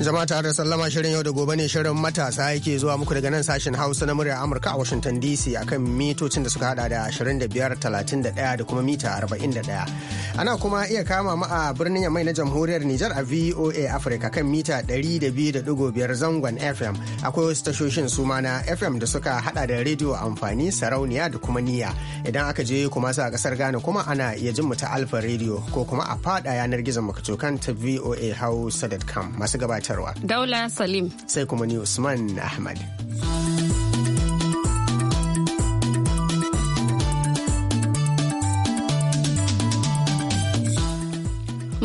Jama'a tare da sallama shirin yau da gobe ne shirin matasa yake zuwa muku daga nan sashen Hausa na murya Amurka a Washington DC akan mitocin da suka hada da 25, 31 da kuma mita 41. Ana kuma iya kama mu a birnin Yamai na Jamhuriyar Nijar a VOA Africa kan mita 200.5 zangon FM. Akwai wasu tashoshin suma na FM da suka hada da rediyo amfani sarauniya da kuma niyya. Idan aka je kuma sa kasar Ghana kuma ana iya jin mu ta Alfa rediyo ko kuma a fada yanar gizon makatokan ta VOA Hausa.com masu gabatarwa. Daula Salim. Sai kuma ni Usman Ahmad.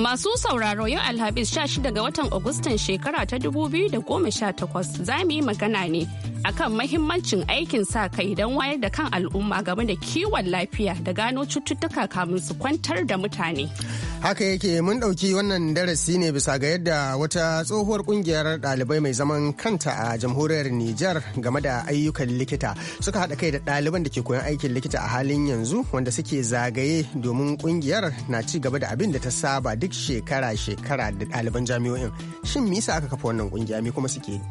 Masu sauraro yau Alhamis 16 ga watan Agustan shekara ta 2018 za mu yi magana ne akan mahimmancin aikin sa kai don wayar da kan al'umma game da kiwon lafiya da gano cututtuka kamun su kwantar da mutane. Haka yake mun ɗauki wannan darasi ne bisa ga yadda wata tsohuwar kungiyar ɗalibai mai zaman kanta a jamhuriyar Nijar game da ayyukan likita suka haɗa kai da ɗaliban da ke koyan aikin likita a halin yanzu wanda suke zagaye domin kungiyar na ci gaba da abin da ta saba duk shekara-shekara da ɗaliban jami'o'in. Shin me aka kafa wannan kungiya me kuma suke yi?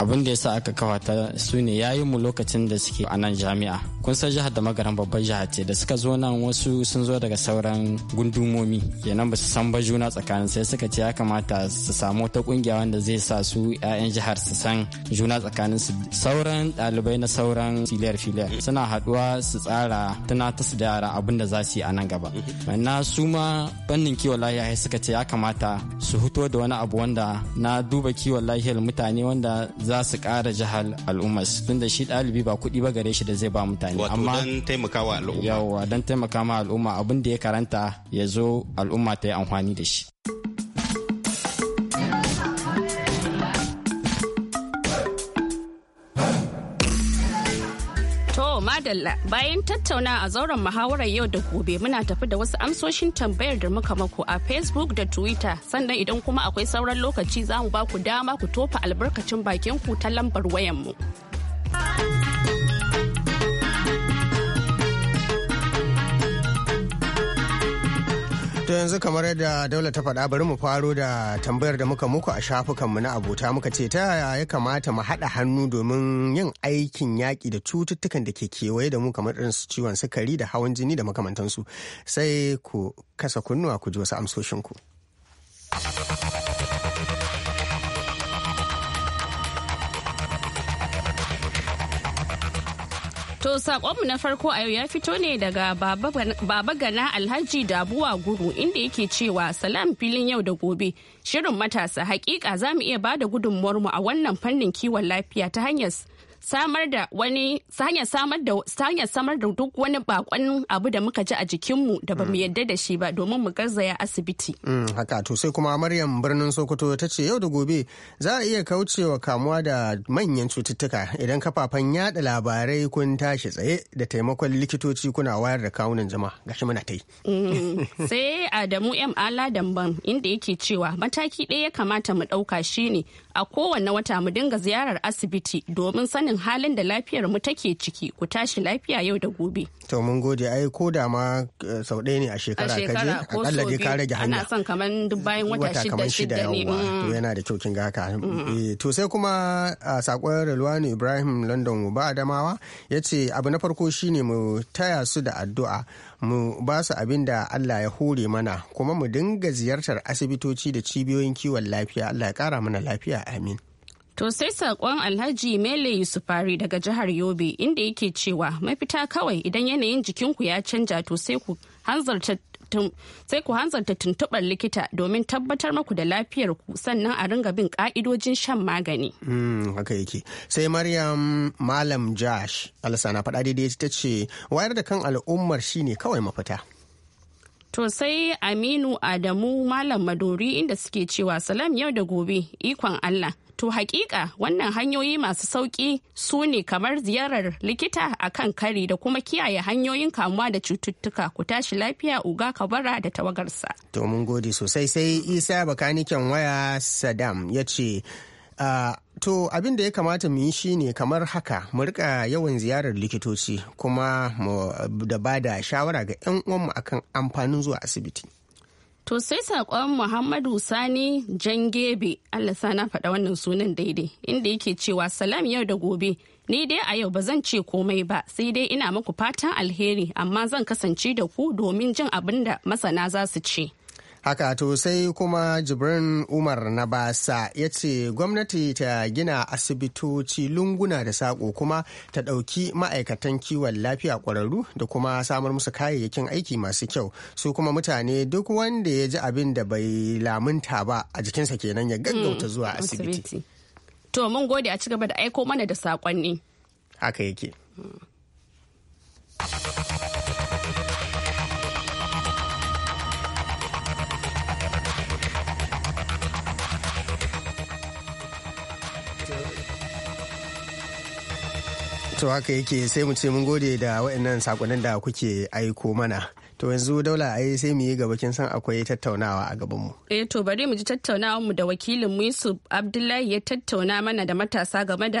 abin da ya sa aka kafa su ne ya yi mu lokacin da suke a nan jami'a kun san jihar da magaran babban jiha ce da suka zo nan wasu sun zo daga sauran gundumomi kenan ba su san ba juna tsakanin sai suka ce ya kamata su samu wata kungiya wanda zai sa su 'ya'yan jihar su san juna tsakanin su sauran ɗalibai na sauran filiyar filiyar suna haɗuwa su tsara tana ta su da yara abin da za su yi a nan gaba na su ma fannin kiwon lahiya suka ce ya kamata su hito da wani abu wanda na duba kiwon lahiyar mutane wanda za su ƙara jihar al'ummar tunda shi ɗalibi ba kuɗi ba gare shi da zai ba mutane amma don wa al'umma yawa don taimaka ma al'umma abin da ya karanta ya zo al'umma ta yi amfani da shi madalla bayan tattauna a zauren muhawarar yau da gobe muna tafi da wasu amsoshin tambayar da muka mako a facebook da twitter sannan idan kuma akwai sauran lokaci za mu ba ku dama ku tofa albarkacin bakin ku ta lambar wayanmu. mu To yanzu kamar yadda daula ta faɗa bari mu faro da tambayar da muka muku a shafukanmu na abota muka ce ta ya kamata mu haɗa hannu domin yin aikin yaƙi da cututtukan da ke kewaye da mu kamar irin su ciwon sukari da hawan jini da makamantansu sai ku kasa kunnuwa ku ji wasu amsoshinku. To sakonmu na farko a yau ya fito ne daga Baba Gana Alhaji Dabuwa Guru inda yake cewa salam filin yau da gobe shirin matasa hakika za mu iya bada gudunmuwarmu a wannan fannin kiwon lafiya ta hanyar samar da wani hanyar samar da duk wani bakon abu da muka ji a jikinmu da ba mu mm. yadda da shi ba domin mu garzaya asibiti. Mm, haka to sai kuma Maryam birnin Sokoto ta ce yau da gobe za a iya kaucewa kamuwa da manyan cututtuka idan kafafen yada labarai kun tashi tsaye da taimakon likitoci kuna wayar da kawunan jama'a gashi muna ta yi. Mm, sai Adamu M Aladamban inda yake cewa mataki ɗaya ya kamata mu ɗauka shine a kowanne wata mu dinga ziyarar asibiti domin sanin halin da lafiyar mu take ciki ku tashi lafiya yau da gobe. To mun gode ai ko da ma eh, sau ɗaya ne a shekara ka je akalla dai ka rage hanya. Ana son kaman duk bayan wata shida shida ne. To mm. yana da kyau kin ga haka. Eh, to sai kuma a sakon Rilwani Ibrahim London ba Adamawa ya ce abu na farko shine mu taya su da addu'a mu ba su abin da Allah ya hore mana kuma mu dinga ziyartar asibitoci da cibiyoyin kiwon lafiya Allah ya kara mana lafiya amin. To sai saƙon Alhaji Mele Yusufari daga jihar Yobe inda yake cewa mafita kawai idan yanayin jikinku ya canja to sai ku hanzarta sai ku hanzarta tuntuɓar likita domin tabbatar maku da lafiyar ku sannan a ringa bin ka'idojin shan magani. Hmm, haka yake sai maryam malam josh alsana faɗa daidai ta ce wayar da kan al'ummar shine kawai mafita. To sai Aminu Adamu Malam Maduri inda suke cewa salam yau da gobe ikon Allah. To hakika wannan hanyoyi masu sauki su ne kamar ziyarar likita a kan kari da kuma kiyaye hanyoyin kamuwa da cututtuka ku tashi lafiya uga kabara da tawagarsa. To mun gode sosai sai isa bakaniken waya Saddam ya ce uh, to abin da ya kamata mu yi shi ne kamar haka mu rika yawan ziyarar likitoci kuma mu da bada shawara ga 'yan uwanmu akan amfanin zuwa asibiti. To sai saƙon Muhammadu Sani Jangebe, Allah na faɗa wannan sunan daidai, inda yake cewa salam yau da gobe. Ni dai a yau ba zan ce komai ba, sai dai ina muku fatan alheri, amma zan kasance da ku domin jin abin da masana za su ce. Haka to sai kuma Jibrin Umar na basa ya ce gwamnati ta gina asibitoci lunguna da sako, kuma ta ɗauki ma'aikatan kiwon lafiya ƙwararru da kuma samar musu kayayyakin aiki masu kyau su kuma mutane duk wanda ya ji abin da bai lamunta ba a jikinsa kenan ya gaggauta mm, zuwa asibiti. To mun gode a cigaba da aiko mana da saƙonni. Haka yake. Mm. to haka yake sai mu ce mun gode da waɗannan sakonnin da kuke aiko mana to yanzu daula ai sai mu yi gaba kin san akwai tattaunawa a gaban mu eh to bari mu ji tattaunawar mu da wakilin mu Yusuf Abdullahi ya tattauna mana da matasa game da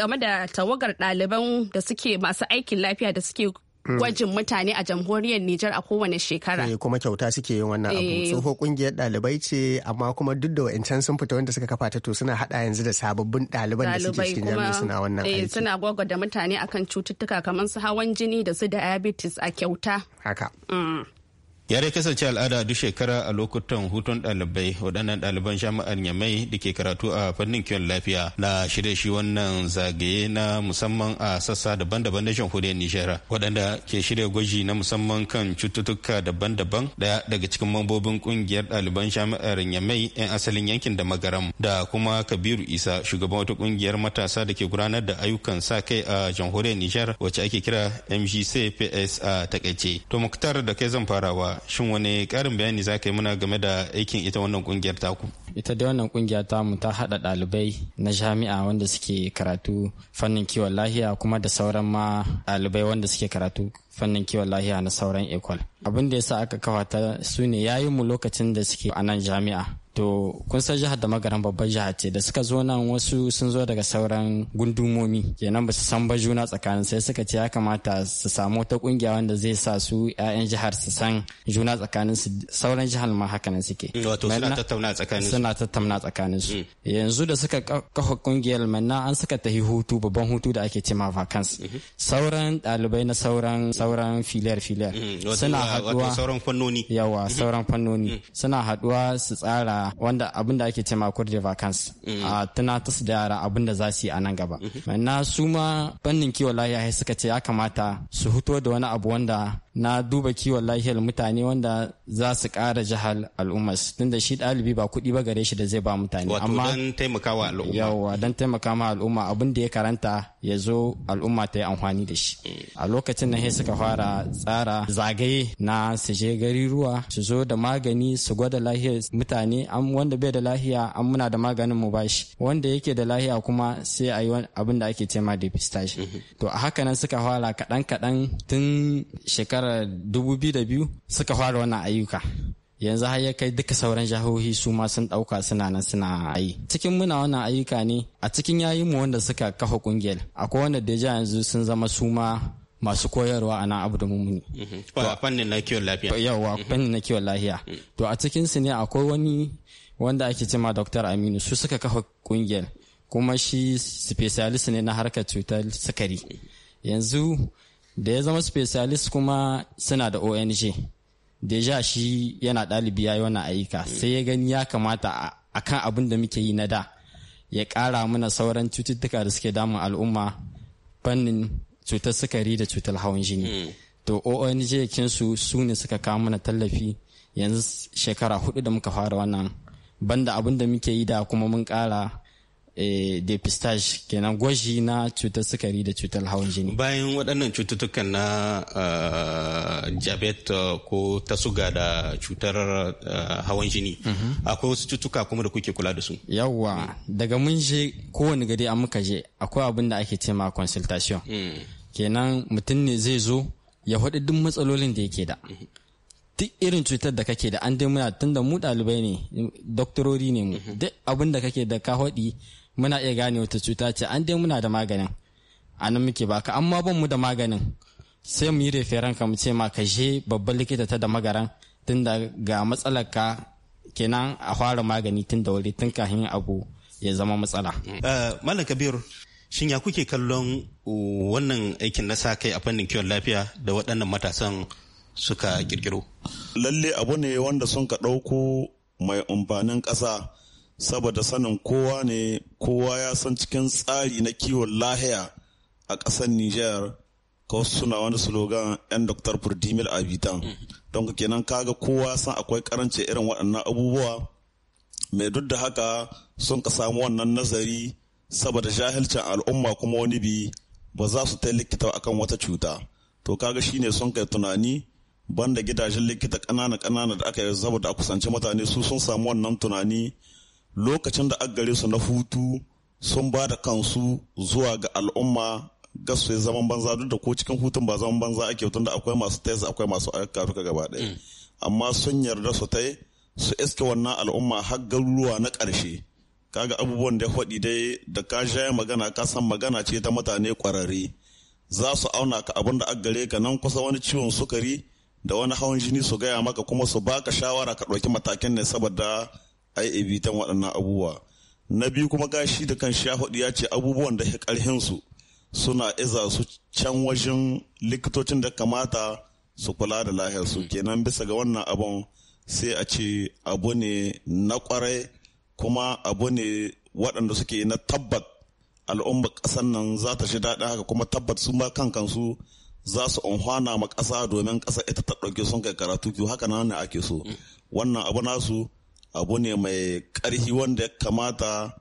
game da tawagar ɗaliban da suke masu aikin lafiya da suke Mm. gwajin mutane a jamhuriyar Nijar a kowane shekara. Eh kuma kyauta suke yin wannan abu. Eh. Tsoho kungiyar ɗalibai ce amma kuma duk da wa'incan sun fita wanda suka kafa ta to suna haɗa yanzu da sababbin ɗaliban da suke cikin jami'a suna wannan eh, aiki. suna gwagwada mutane akan cututtuka kamar su hawan jini da su diabetes a kyauta. Haka. Mm. ya dai kasance al'ada duk shekara a lokutan hutun ɗalibai waɗannan ɗaliban jami'ar yamai da ke karatu a fannin kiwon lafiya na shirya shi wannan zagaye na musamman a sassa daban-daban na jamhuriyar nijar waɗanda ke shirya gwaji na musamman kan cututtuka daban-daban ɗaya daga cikin mambobin ƙungiyar ɗaliban jami'ar yamai 'yan asalin yankin da magaram da kuma kabiru isa shugaban wata ƙungiyar matasa da ke gudanar da ayyukan sa kai a jamhuriyar nijar wacce ake kira mgcps a takaice to muktar da kai zan farawa shin wani karin bayani za ka yi muna game da aikin ita wannan kungiyar taku? Ita dai wannan kungiya mu ta haɗa ɗalibai na jami'a wanda suke karatu fannin kiwon lahiya kuma da sauran ma ɗalibai wanda suke karatu fannin kiwon lahiya na sauran ekol. Abin da ya sa aka kafa ta su ne yi mu lokacin da suke a nan jami'a. to kun san jihar da magaran babban jiha ce da suka zo nan wasu sun zo daga sauran gundumomi kenan ba su san ba juna tsakanin sai suka ce ya kamata su samu ta kungiya wanda zai sa su 'ya'yan jihar su san juna tsakanin su sauran jihar ma haka nan suke mm, wato suna tattauna tsakanin su. suna tattauna tsakanin su mm. yanzu da suka kafa kungiyar manna an suka tafi hutu babban hutu da ake ma vacance mm-hmm. sauran ɗalibai na sauran sauran filiyar filiyar mm, suna haɗuwa sauran fannoni yawa mm-hmm. sauran fannoni suna haɗuwa su tsara wanda abin da ake ce ma kurje vacance mm. a tunatar da yara abin da za su yi a nan gaba mm-hmm. na su ma fannin kiwon lafiya suka ce ya kamata su hutu da wani abu wanda na duba kiwon lahiyar mutane wanda za su ƙara jihar al'umma tunda shi ɗalibi ba kuɗi ba gare shi da zai ba mutane amma don taimakawa al'umma yawa don taimaka ma al'umma abin da ya karanta ya zo al'umma ta yi amfani da shi a lokacin na suka fara tsara zagaye na su je gari ruwa su zo da magani su gwada lahiyar mutane wanda bai da lahiya an muna da maganin mu bashi wanda yake da lahiya kuma sai a yi abin da ake cema depistage mm-hmm. to a haka nan suka fara kaɗan kaɗan tun shekara da 2002 suka fara wannan ayyuka yanzu har ya kai duka sauran jahohi su ma sun dauka suna nan suna yi cikin muna wannan ayyuka ne a cikin yayin mu wanda suka kafa kungiyar akwai wanda deja yanzu sun zama su ma masu koyarwa a nan abu da mummuni. Mhm. Wa fannin na kiwon lafiya. Yawa mhm. fannin na kiwon lafiya. Mhm. To a cikinsu ne akwai wani wanda ake cema Dr. Aminu su suka kafa kungiyar kuma shi specialist ne na harkar cutar sukari. Yanzu da ya zama specialist kuma suna da ong deja shi yana ɗalibi ya yi wani ayyuka sai ya gani ya kamata a kan abin da muke yi na da ya ƙara mana sauran cututtuka da suke damun al'umma fannin cutar sukari da cutar hawan jini hmm. to ong kinsu su ne suka kawo mana tallafi yanzu shekara hudu da muka fara wannan banda abin da muke yi da kuma mun ƙara Eh, depistage kenan gwaji na cutar sukari da cutar hawan jini bayan waɗannan cututtukan na diabetes ah, ah, ko ta suga da cutar ah, hawan jini mhm. akwai wasu cututtuka kuma da kuke kula da su yawwa daga mun je kowane gari an muka je akwai abin da ake cema consultation mm. kenan mutum ne zai zo ya haɗu duk matsalolin da yake da mm-hmm. duk irin cutar da kake da an dai muna tun da mu ɗalibai ne doktorori ne mu mm-hmm. duk abin da kake da ka haɗi muna iya gane wata cuta ce an dai muna da maganin a nan muke baka amma ban mu da maganin sai mu yi referen ka mu ce ma ka je babban likita ta da magaran tun da ga matsalar ka kenan a fara magani tun da wuri tun kafin abu ya zama matsala. Eh, Malam Kabiru, shin ya kuke kallon uh, wannan aikin na sa kai a fannin kiwon lafiya da waɗannan matasan suka kirkiro? Lalle abu ne wanda sun ka ɗauko mai amfanin ƙasa saboda sanin kowa ne kowa ya san cikin tsari na kiwon lahiya a ƙasar Nijar ka wasu suna wani slogan 'yan Dr. Furdimil Abidan. Mm-hmm. Don ka kenan kaga kowa san akwai karance irin waɗannan abubuwa mai duk da haka sun ka samu wannan nazari saboda jahilcin al'umma kuma wani bi ba za su ta likita akan wata cuta. To kaga shi ne sun kai tunani banda gidajen likita ƙanana-ƙanana da aka yi saboda a kusanci mutane su sun samu wannan tunani lokacin da gare su na hutu sun ba da kansu zuwa ga al'umma gasu ya zaman banza duk da ko cikin hutun ba zaman banza ake hutun da akwai masu tais akwai masu ayyuka gaba ɗaya mm. amma sun yarda su tai su iske wannan al'umma har garuruwa na ƙarshe kaga abubuwan da ya faɗi dai da ka jaya magana ka san magana ce ta mutane ƙwararre za su auna ka abin da gare ka nan kusa wani ciwon sukari da wani hawan jini su gaya maka kuma su baka shawara ka ɗauki matakin ne saboda IAB bitan waɗannan abubuwa na biyu kuma gashi da kan shahuɗi ya ce abubuwan da ya ƙarhinsu suna iza su can wajen likitocin da kamata su kula da lahiyarsu kenan bisa ga wannan abun sai a ce abu ne na kwarai kuma abu ne waɗanda suke na tabbat al'umma ƙasar nan za ta shi daɗin haka kuma tabbat su ma kan kansu za su unhwana ma ƙasa domin ƙasa ita ta ɗauke sun kai karatu kiwo haka nan ne ake so mm. wannan abu nasu abu ne mai ƙarfi wanda ya kamata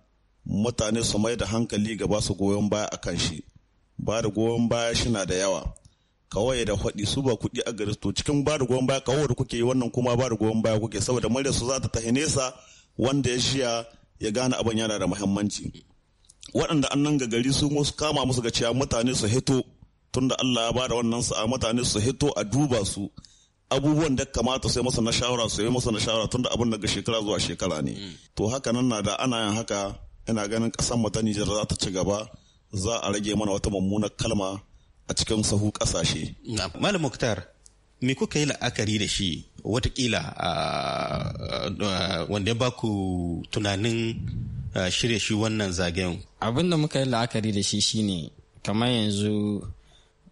mutane su mai da hankali gaba su goyon baya a kan shi ba da goyon baya shi na da yawa kawai da faɗi su ba kuɗi a gari to cikin ba da goyon baya kawai da kuke yi wannan kuma ba da goyon baya kuke saboda murya su za ta tahi nesa wanda ya shiya ya gane abin yana da muhimmanci waɗanda an nan gari su musu kama musu ga cewa mutane su hito tunda Allah ya ba da wannan sa'a mutane su hito a duba su abubuwan da kamata sai masa na shawara su masa na shawara tunda abin daga shekara zuwa shekara ne mm. to haka nan na da ana yin haka ina ganin kasan mata ta Nijar za ta ci gaba za a rage mana wata mummunar kalma a cikin sahu kasashe malam muktar me kuka yi la'akari da shi watakila wanda ya baku tunanin shirya shi wannan zagayen abin da muka yi la'akari da shi shine kamar yanzu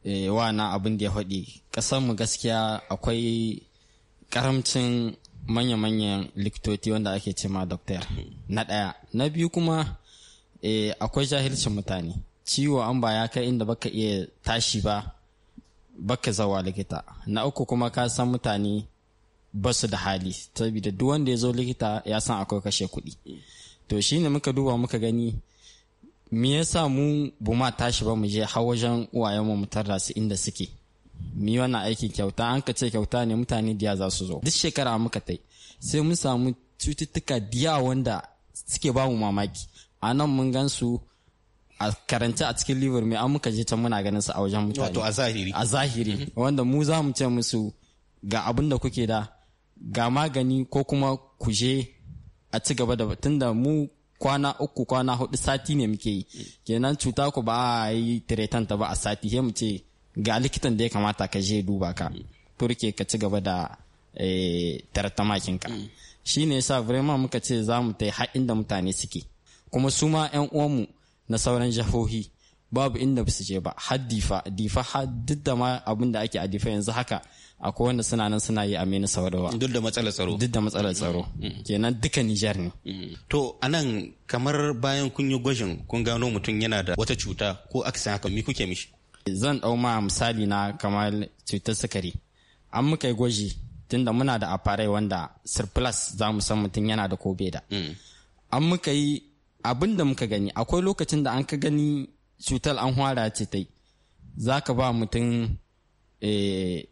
Eh, na abin da ya haɗi mu gaskiya akwai karamcin manya-manyan likitoci wanda ake cema doktor na ɗaya na biyu kuma eh, akwai jahilcin mutane ciwo an ba ya kai inda baka iya tashi ba baka zawa likita na uku kuma ka san mutane ba su da hali saboda duk wanda ya zo likita ya san akwai kashe kuɗi to shine muka duba muka gani me yasa mu buma tashi ba mu je har wajen uwayen mu tarra su inda suke mi wannan aikin kyauta an ka ce kyauta ne mutane diya za su zo duk shekara muka tai sai mun samu cututtuka diya wanda suke ba mu mamaki a nan mun gan su a karanta a cikin liver mai an muka je can muna ganin su a wajen mutane wato a zahiri a zahiri wanda mu za mu ce musu ga abin da kuke da ga magani ko kuma ku je a ci gaba da tunda mu kwana uku kwana hudu sati ne muke yi kenan cuta ku ba a yi tiretanta ba a sati sai mu ce ga likitan da ya kamata ka je duba ka turke ka ci gaba da eh, tartamakin ka shi ne sa vraiment muka ce za mu ta har inda mutane suke kuma su ma yan uwanmu na sauran jihohi babu inda ba su je ba har difa difa har duk da ma abin da ake a difa yanzu haka akwai wanda suna nan suna yi aminu saudawa duk da matsalar tsaro duk da matsalar tsaro mm-hmm. kenan duka nijar ne mm-hmm. to anan kamar bayan kun yi gwajin kun gano mutum yana da wata cuta ko aka haka mi kuke mishi zan dau ma misali na kamar cutar sukari an muka yi gwaji tunda muna da aparai wanda surplus za mu san mutum yana da ko da mm. an muka yi abin da muka gani akwai lokacin da an ka gani cutar an hwara ce ta yi za ka ba mutum eh,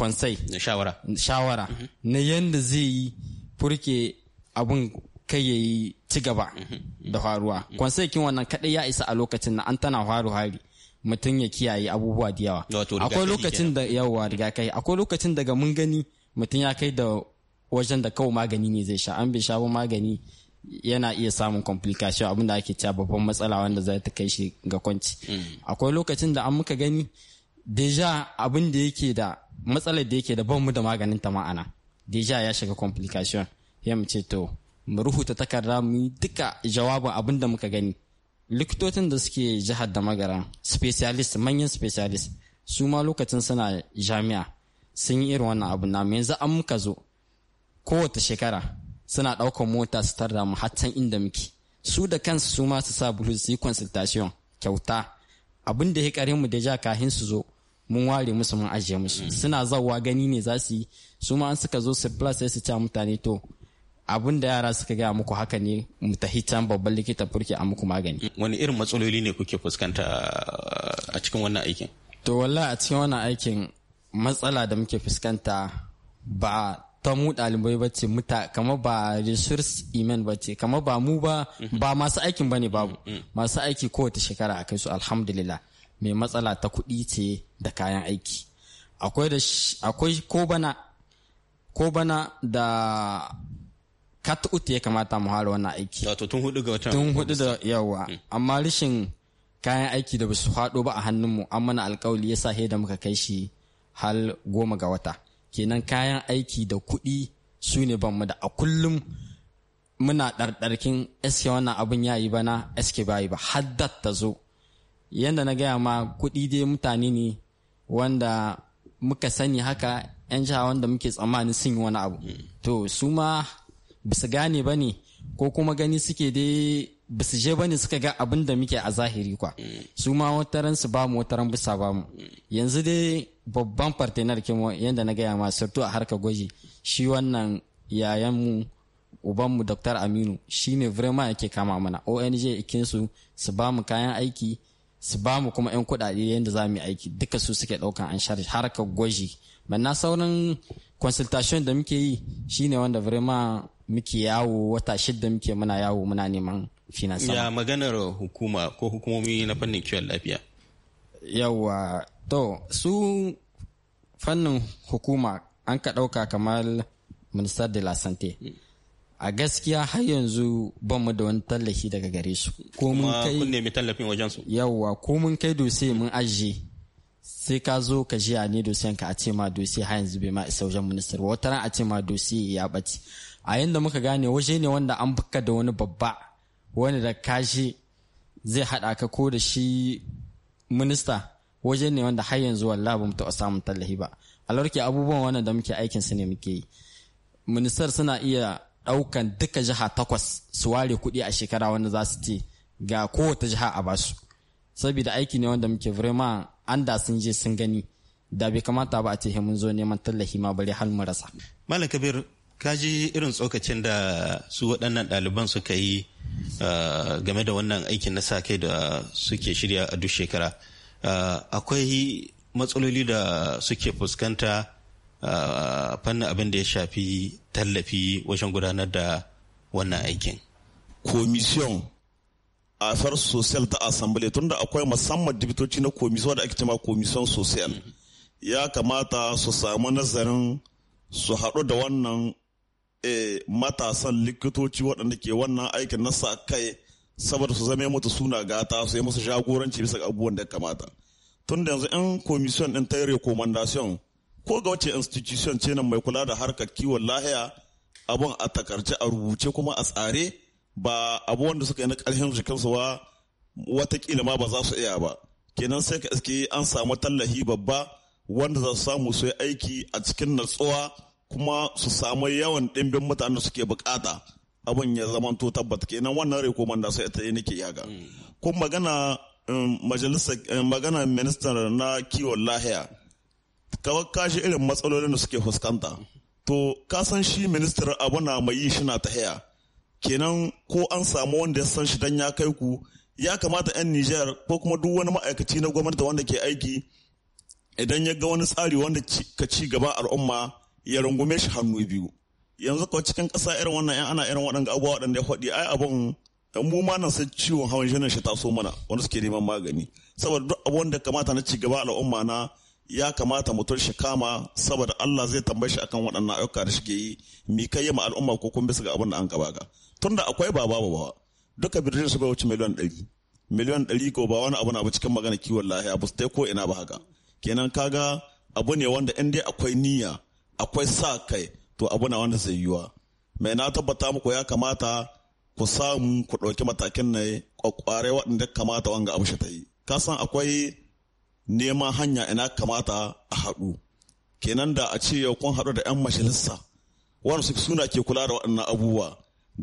kwansai shawara shawara mhm. na yanda zai yi furke abun kai ya yi ci gaba mhm. mhm. da faruwa kwansai kin wannan kadai ya isa a lokacin na an tana faru hari mutum ya kiyaye abubuwa da yawa akwai lokacin da yawa kai akwai lokacin daga mun gani mutum ya kai da wajen da kawai magani ne zai sha an bai sha magani yana iya samun complication abin da ake cewa babban matsala wanda za ta kai shi ga kwanci mm. akwai lokacin da an muka gani deja abin da yake da matsalar da yake da ban mu da maganin ta ma'ana deja ya shiga complication ya mu ce to mu rubuta takarda mu yi duka jawabin abin da muka gani likitocin da suke jihar da magara specialist manyan specialist su ma lokacin suna jami'a sun yi irin wannan abu na yanzu an muka zo kowace shekara suna ɗaukar mota su tarda mu hatan inda muke su da kansu su ma su sa bulu su yi consultation kyauta abin da ya kare mu da ja kahin su zo mun ware musu mun ajiye musu mm. suna zawa gani ne za su yi su ma an suka zo su plus sai su ce mutane to abin da yara suka gaya muku haka ne mu ta can babban likita furke a muku magani mm. wani irin matsaloli ne kuke fuskanta a cikin wannan aikin to wallahi a cikin wannan aikin matsala da muke fuskanta ba ta mu ɗalibai ba ce muta kama ba resource iman ba ce kama ba mu ba mm-hmm. ba masu aikin ba ne babu mm-hmm. masu aiki kowace shekara a kai su alhamdulillah mai matsala ta kuɗi ce da kayan aiki akwai ko bana ko bana da kat uti ya kamata mu hara wannan aiki wato tun hudu ga watan tun hudu da yawa hmm. amma rishin kayan aiki da basu faɗo ba a hannunmu an mana alkawali ya sa da muka kai shi hal goma ga wata kenan kayan aiki da kuɗi su ne ban da a kullum muna ɗarɗarkin eske wannan abin yi bana eske yi ba har da ta zo yadda na gaya ma kuɗi dai mutane ne wanda muka sani haka 'yan jiha wanda muke tsammanin sun yi wani abu to su ma bisu gane ba ne ko kuma gani suke dai bisu je ba ne suka ga abin da muke a zahiri kwa su ma wataran su ba mu wataran bisa ba mu yanzu dai babban partenar kimo yadda na gaya ma surtu a harkar gwaji shi wannan mu uban mu dr aminu shine ne vraiment yake kama mana ong ikinsu su ba mu kayan aiki su ba mu kuma 'yan kuɗaɗe yadda za mu yi aiki duka su suke ɗaukan an share harkar gwaji Manna sauran consultation da muke yi shine wanda vrema muke yawo wata shidda muke muna yawo muna neman finansa ya maganar hukuma ko hukumomi na fannin kiwon lafiya yawa to su fannin hukuma an ka ɗauka kamar minister de la santé a gaskiya har yanzu ban mu da wani tallafi daga gare su ko mun kai kun nemi tallafin wajen su Yawwa ko mun kai dose mun ajiye sai ka zo ka ji a ne dosiyan ka a ce ma dose har yanzu bai ma isa wajen ministar wata ran a ce ma dose ya bace a yanda muka gane waje ne wanda an buka da wani babba wani da kashi zai haɗa ka ko da shi minista waje ne wanda har yanzu wallahi ba mu taɓa samun tallafi ba a abubuwan wannan da muke aikin su ne muke yi ministar suna iya Daukan duka jiha takwas su ware kuɗi a shekara wanda za su ce ga kowace jiha a basu saboda aiki ne wanda muke vrema an da sun je sun gani da bai kamata ba a ce mun zo neman tallafi ma bare har mu rasa malam kabir ka ji irin tsokacin da su waɗannan ɗaliban suka yi eh, game da wannan aikin na sa kai da suke shirya a duk shekara eh, akwai matsaloli da suke fuskanta fannin abin da ya shafi tallafi wajen gudanar da wannan aikin. Komisiyon asar social ta asambile tunda akwai musamman dibitoci na komisiyon da ake cema komisiyon social ya kamata su samu nazarin su haɗu da wannan eh, matasan likitoci waɗanda ke wannan aikin na sa kai saboda su zama mutu suna gata su yi musu jagoranci bisa abubuwan da ya kamata tun da yanzu 'yan komisiyon ɗin ta yi rekomandasiyon ko ga wace institution ce nan mai kula da harkar kiwon lahiya abun a takarce a rubuce kuma a tsare ba abu wanda suka yi na ƙarfin jikinsu ba watakila ma ba za su iya ba kenan sai ka iske an samu tallahi babba wanda za su samu su yi aiki a cikin natsuwa kuma su samu yawan ɗimbin mutanen da suke bukata abun ya zama to tabbata kenan wannan rekomanda sai ta yi nake yaga hmm. kun magana um, majalisar um, magana ministan na kiwon lahiya ka kashi irin matsalolin da suke fuskanta to ka san shi ministar abu na mai yi shi na ta haya kenan ko an samu wanda ya san shi don ya kai ku ya kamata 'yan Nijar ko kuma duk wani ma'aikaci na gwamnati wanda ke aiki idan ya ga wani tsari wanda ka ci gaba al'umma ya rungume shi hannu biyu yanzu kawai cikin ƙasa irin wannan 'yan ana irin waɗanda abubuwa waɗanda ya faɗi ai abun dan mu ma nan sai ciwon hawan jinin shi taso mana wanda suke neman magani saboda duk abun da kamata na ci gaba al'umma na ya kamata mutum shi kama saboda Allah zai tambaye shi akan waɗannan ayyuka da shige yi mi kai yi ma al'umma ko kun bisa ga abin da an gaba ga tunda akwai ba babu ba duka birnin su bai wuce miliyan ɗari miliyan ɗari ko ba wani abu na abu cikin magana kiwon lahiya ba su ta ko ina ba haka kenan kaga abu ne wanda in dai akwai niyya akwai sa kai to abu na wanda zai yiwa mai na tabbata muku ya kamata ku samu ku ɗauki matakin na kwakware waɗanda kamata wanga abu shi ta yi ka san akwai neman hanya ina kamata a haɗu kenan da a ce yau kun haɗu da 'yan majalisa wani su suna ke kula da waɗannan abubuwa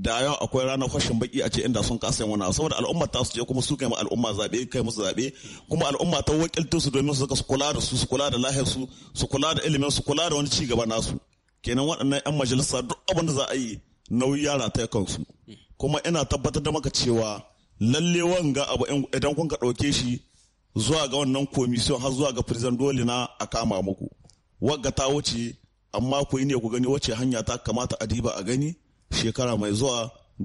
da yau akwai ranar fashin baki a ce inda sun kasa yin wani saboda al'umma ta su je kuma su kai al'umma zaɓe kai musu zaɓe kuma al'umma ta wakilta su domin su suka kula da su su kula da lahiyar su su kula da ilimin su kula da wani ci gaba nasu kenan waɗannan 'yan majalisa duk abin da za a yi nauyi yara ta kansu kuma ina tabbatar da maka cewa lalle wanga abu idan kun ka ɗauke shi zuwa ga wannan komisiyon har zuwa ga firzan dole na a kama muku wagga ta wuce amma ku ne ku gani wace hanya ta kamata a diba a gani shekara mai zuwa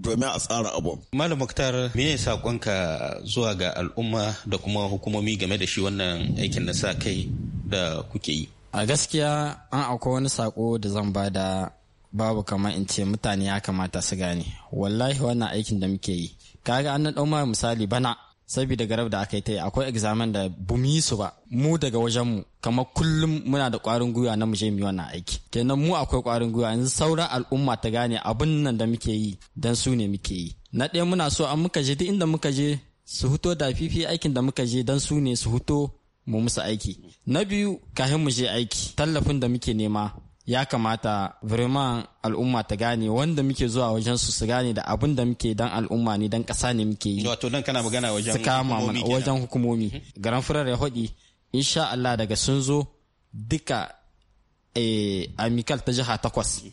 domin a tsara abu. Malam Muktar, me ne saƙonka zuwa ga al'umma da kuma hukumomi game da shi wannan aikin na sa kai da kuke yi? A gaskiya an akwai wani sako da zan ba da babu kamar in ce mutane ya kamata su gane. Wallahi wannan aikin da muke yi. Kaga an na misali bana saboda garab da aka yi ta yi akwai examen da bumi su ba mu daga wajen mu kamar kullum muna da kwarin gwiwa na mu je mu wannan aiki kenan mu akwai kwarin gwiwa yanzu sauran al'umma ta gane abin nan da muke yi dan su ne muke yi na ɗaya muna so an muka je duk inda muka je su huto da fifi aikin da muka je dan su ne su huto mu musu aiki na biyu kafin mu je aiki tallafin da muke nema ya kamata vraiment al'umma ta gane wanda muke zuwa wajen su su gane da abin da muke dan al'umma ne dan ƙasa ne muke yi wato dan kana magana wajen hukumomi wajen hukumomi garan furar ya hodi insha Allah daga sun zo duka eh, amikal ta jiha takwas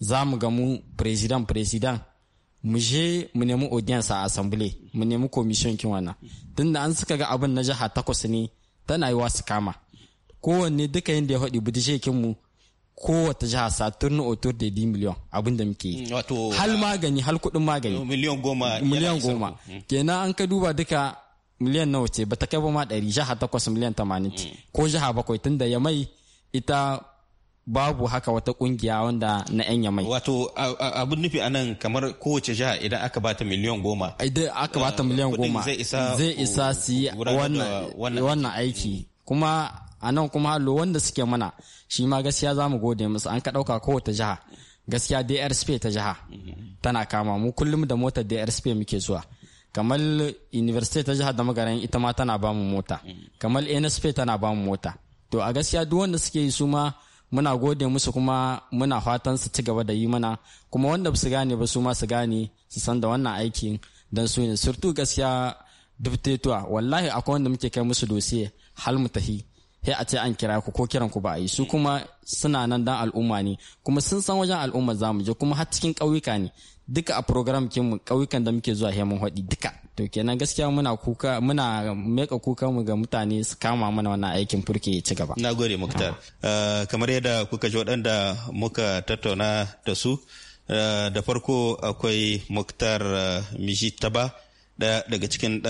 za mu ga mu president president mu je mu nemi audience a assembly mu nemi commission kin wannan tunda an suka ga abin na jiha takwas ne tana yi wasu kama kowanne duka yin da ya faɗi budishekin mu kowace jiha saturn otor da di miliyon abin da muke yi hal magani hal kuɗin magani miliyan goma Miliyon goma mm. kenan an ka duba duka miliyan nawa ce bata kai ba ma ɗari jiha takwas miliyan tamanin mm. ko jiha bakwai tunda ya mai ita babu haka wata kungiya wanda na 'yan yamai. Wato abin nufi anan kamar kowace jiha idan aka bata miliyan goma. Idan aka bata eh, miliyan goma zai isa su yi wannan aiki mm. kuma a nan kuma lo wanda suke mana shi ma gaskiya za mu gode musu an ka ɗauka kowace jiha gaskiya dr spain ta jiha tana kama mu kullum da motar dr spain muke zuwa kamar university ta jiha da magaran ita ma tana bamu mota kamar nsp tana bamu mota to a gaskiya duk wanda suke yi su ma muna gode musu kuma muna fatan su ci gaba da yi mana kuma wanda su gane ba su ma su gane su san da wannan aikin don su ne surtu gaskiya dubtetuwa wallahi akwai wanda muke kai musu dosiye hal mu tafi sai a ce an kira ku ko kiran ku ba a yi su kuma suna nan dan al'umma ne kuma sun san wajen al'umma za mu je kuma har cikin ƙauyuka ne duka a program kin mu ƙauyukan da muke zuwa hemun haɗi duka to kenan gaskiya muna kuka muna meka kuka mu ga mutane su kama mana wannan aikin furke ya ci gaba na gode muktar eh, kamar yadda kuka ji waɗanda muka tattauna da su eh, da farko akwai muktar eh, miji taba ɗaya daga cikin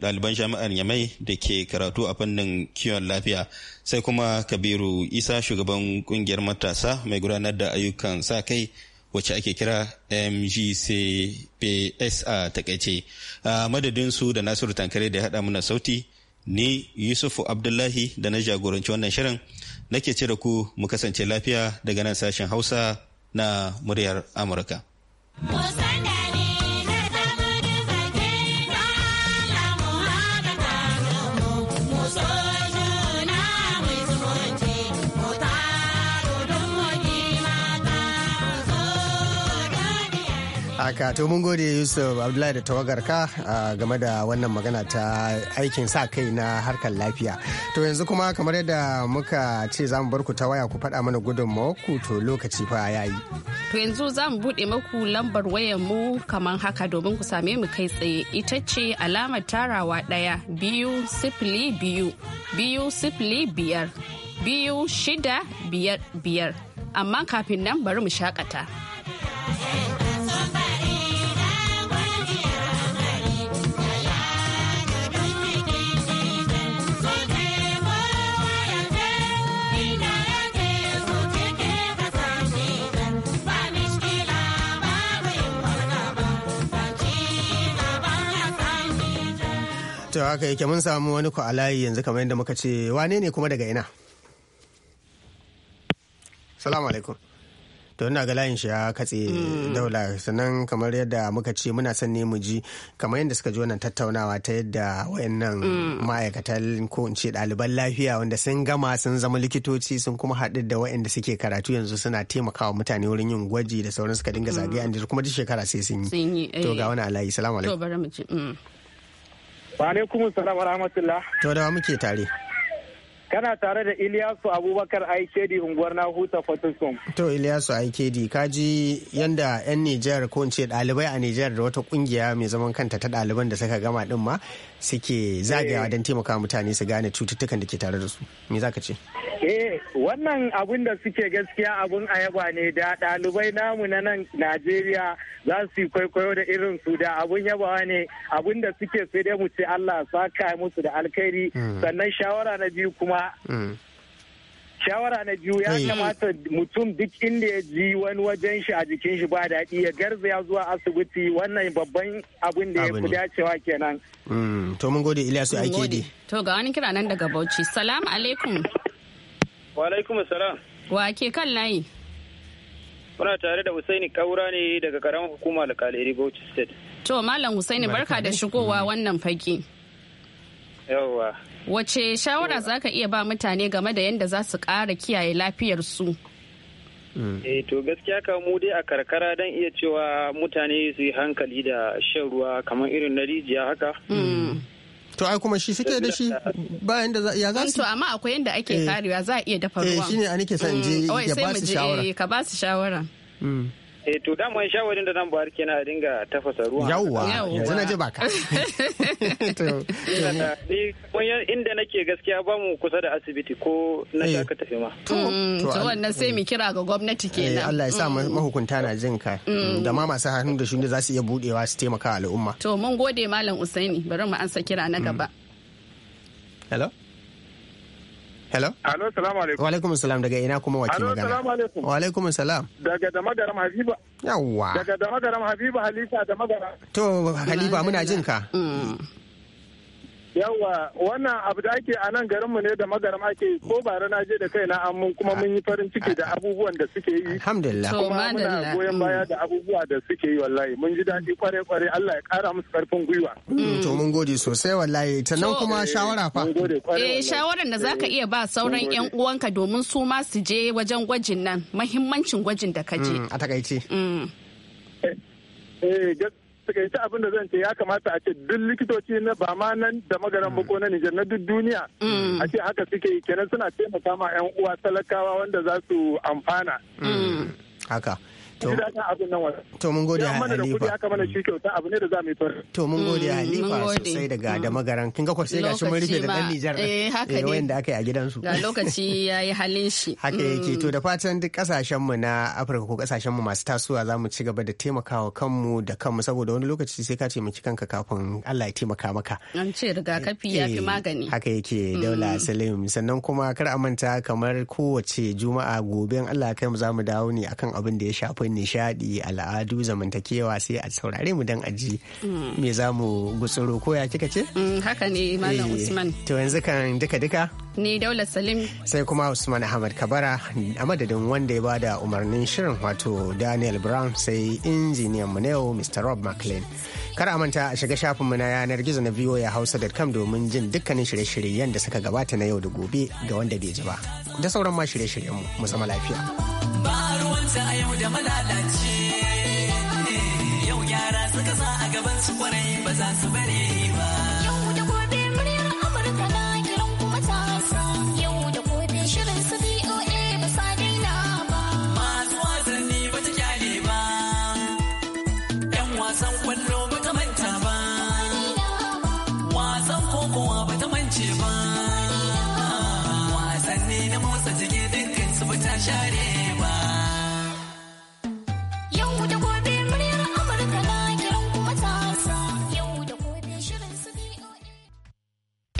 ɗaliban jami'ar yamai da ke karatu a fannin kiwon lafiya sai kuma kabiru isa shugaban kungiyar matasa mai gudanar da ayyukan sa kai wacce ake kira mgcps a takaice a madadin su da nasiru tankare da ya haɗa mana sauti ni yusufu abdullahi da na jagoranci wannan shirin nake ce da ku mu kasance lafiya daga nan sashen hausa na muryar amurka. Aka to mun gode Yusuf Abdullahi da tawagar ka game da wannan magana ta aikin sa kai na harkar lafiya. To yanzu kuma kamar yadda muka ce zamu bar ku ta waya ku faɗa mana gudun ku to lokaci fa ya yi. To yanzu zamu mu buɗe maku lambar wayar mu kamar haka domin ku same mu kai tsaye ita ce alamar tarawa ɗaya biyu sifili biyu biyu sifili biyar biyu shida biyar biyar amma kafin nan bari mu shakata. Somebody To haka yake mun samu wani ku alayi yanzu kamar yadda muka ce wane ne kuma daga ina? Salamu alaikum. To ina ga layin shi ya katse mm. daula sannan kamar yadda muka ce muna son ne mu ji kamar yadda suka ji wannan tattaunawa ta yadda wayannan mm. ma'aikatan ko in ce ɗaliban lafiya wanda sun gama sun zama likitoci sun kuma haɗu da wayanda suke karatu yanzu suna taimakawa mutane wurin yin gwaji da sauran suka dinga zagaye mm. an kuma duk shekara sai sun yi. To ga eh. wani alayi salamu alaikum. Wa alaikum salam wa rahmatullah. To da muke tare. Kana tare da Iliyasu Abubakar Aikedi unguwar na Huta Fatuskun. To Iliyasu Aikedi ka ji yanda 'yan Nijar ko ce ɗalibai a Nijar da wata kungiya mai zaman kanta ta ɗaliban da suka gama din ma suke zagayawa don taimaka mutane su gane cututtukan da ke tare da su. Me za ka ce? Eh wannan abun da suke gaskiya abun ayaba ne da ɗalibai namu na nan Najeriya za su yi kwaikwayo da irin su da abun yaba ne abun da suke sai dai mu ce Allah saka musu da alkhairi hmm. sannan shawara na biyu kuma Mm. shawara na biyu ya eh. kamata mutum duk inda ya ji wani wajen shi a jikin shi ba daɗi ya garzaya zuwa asibiti wannan babban abin da ya fi dacewa kenan. Mm. to mun gode su ake di. To ga wani kira nan daga Bauchi. Salam alaikum. Wa alaikum salam. Wa ke kan layi? Muna tare da Husaini Kaura ne daga karamar hukumar alƙaliri Bauchi State. To Malam Husaini barka da shigowa mm. wannan fage. Yawwa. wace shawara uh, za ka iya ba mutane game da yadda za su ƙara kiyaye lafiyarsu mm. eh to gaskiya ka mu dai a karkara dan iya cewa mutane su yi hankali da shan ruwa kamar irin na rijiya haka mm. Mm. to ai kuma shi suke da shi ba yanda ya za su amma akwai yanda ake eh. karewa za a iya dafa ruwa eh shine a nake san je ya ba su shawara eh, ka ba su shawara Eh to daman shawarin da nan bayar kenan a dinga tafasa ruwa. Yawwa yanzu na ji baka. To inda nake gaskiya ba mu kusa da asibiti ko na eh. ka tafi ma. To hmm. mm, wannan sai mu kira ga gwamnati eh, kenan. Allah ya sa mm. mahukunta na jin ka mm. da ma masu hannu da shunde za su iya budewa su taimaka al'umma. To mun gode Malam Usaini bari mu ansa kira na gaba. Hmm. Hello? Hello? Hello, salamu alaikum. Wa alaikum salam daga ina kuma wake gana Hello, salamu alaikum. Wa alaikum salam. Daga da magaram Habiba. Yawwa. Daga da magaram Habiba Halifa da magaram. To, Halifa muna jin ka. Mm. yawa wannan abu da ake a nan garinmu ne da magaram ake ko bara na je da kaina na mun kuma mun yi farin ciki da abubuwan da suke yi alhamdulillah kuma muna goyon baya da abubuwa da suke yi wallahi mun ji daɗi kware kware Allah ya ƙara musu karfin gwiwa mm, to mun gode sosai wallahi ta nan kuma eh, shawara fa eh shawaran da zaka iya ba sauran yan eh, uwanka domin su ma su je wajen gwajin nan mahimmancin gwajin da ka je mm, a takaice mm. eh, eh takaice abin da zan ce ya kamata a ce duk likitoci na ba ma nan da magaran ba ko na Nijar na duk duniya mm. a ce haka suke kenan suna taimaka ma 'yan uwa talakawa wanda za su amfana. Mm. Haka. To mun gode a Halifa. To mun gode a mm, Halifa sosai daga mm. da magaran. Kin ga kwarsai gashi mun rufe da ɗan Nijar. Eh haka eh, ne. Wanda aka yi a gidansu. Ga lokaci ya yi halin shi. Haka yake mm. to da fatan duk kasashen mu na Afirka ko kasashen mu masu tasowa za mu ci gaba da taimakawa kanmu da kanmu saboda wani lokaci sai ka ce miki kanka kafin Allah ya taimaka maka. An ce rigakafi ya fi eh, magani. Haka yake Daula Salim sannan kuma kar a manta kamar kowace Juma'a gobe Allah ya kai mu za mu dawo ne akan abin da ya shafi nishadi al'adu zamantakewa sai a saurare mu don aji me za mu gutsuro ko ya kika ce mm, haka ne malam eh, usman to yanzu kan duka duka ni daular salim sai kuma usman ahmad kabara a madadin wanda ya ba da umarnin shirin wato daniel brown sai injiniyan mu na yau mr rob mclean kar a manta a shiga shafin mu na yanar gizo na hausa, kam domin jin dukkanin shirye-shiryen da suka gabata na yau da gobe ga wanda bai ji ba da sauran ma shirye-shiryenmu mu zama lafiya. gabansa a yau da malalaci eh, yau gyara suka sa a gabansu kwarai ba za su bare